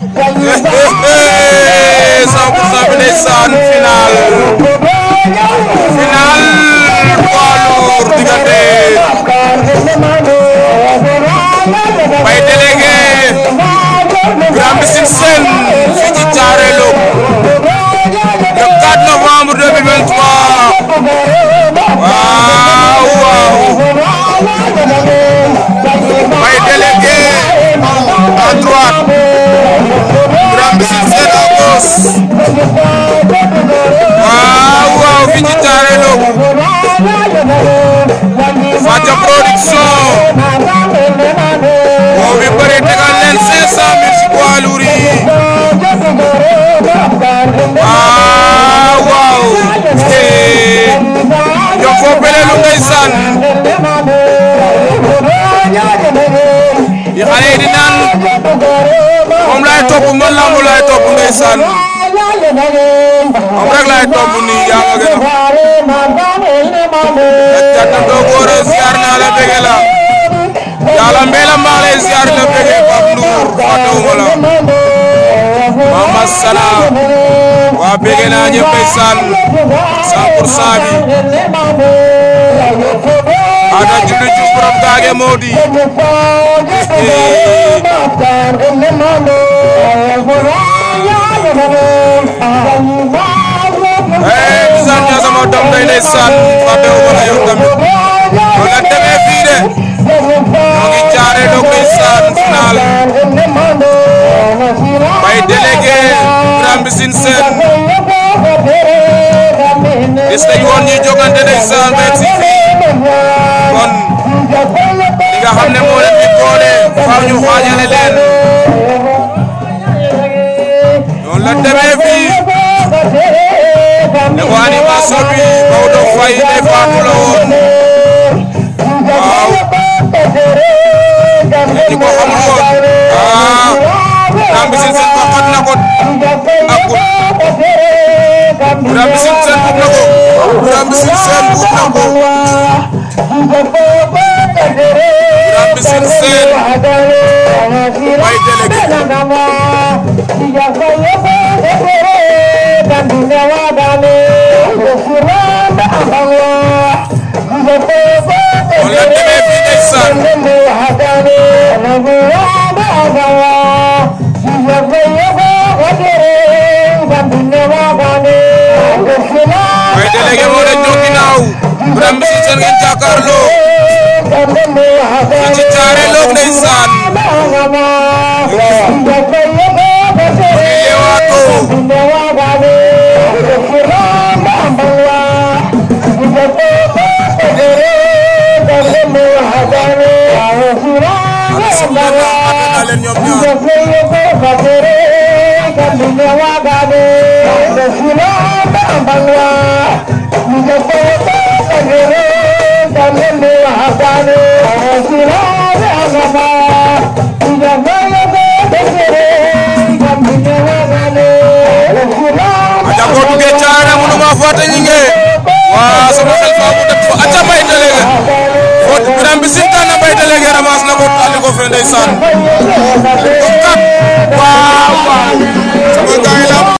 S discipline san li xale yi di naan moom laay topp man lamb laay topp ndeysaan moom rek laay topp nii yaa ma gën a. jàttan doo góor a ziar naa la bëgg la yàlla mbéyla maa lay ziar na bëgg Pape Ndour fàttewuma la Mama Sala waa bëgg naa ñëpp ndeysaan 100 pour 100 bi. Ada Diouf di Diouf borom gaage moo di ee eh, bisaan ñaa sama doom day ndeysaan fàtte wu ma la yow tamit ma nga demee fii de ñoo ngi caare doog ndeysaan final bay délégué Birame Mbissine Sène gis nañ woon ñuy jogante ndeysaan merci nga xam ne moo leen di boole faaw ñu leen noonu la demee la woon waaw nit ñi ko xamul woon ah Dame Mbissine Sène waxoon na ko akul Dame Mbissine Sène ut na sincere my delegate. On l'a demandé d'excellent. My delegate, on l'a demandé d'excellent. Madame, monsieur, c'est un jacquard l'eau. Hazare बसरेवाे सुठो बजरे हज़ारे सुराम बसरेवा गाने द सुर son.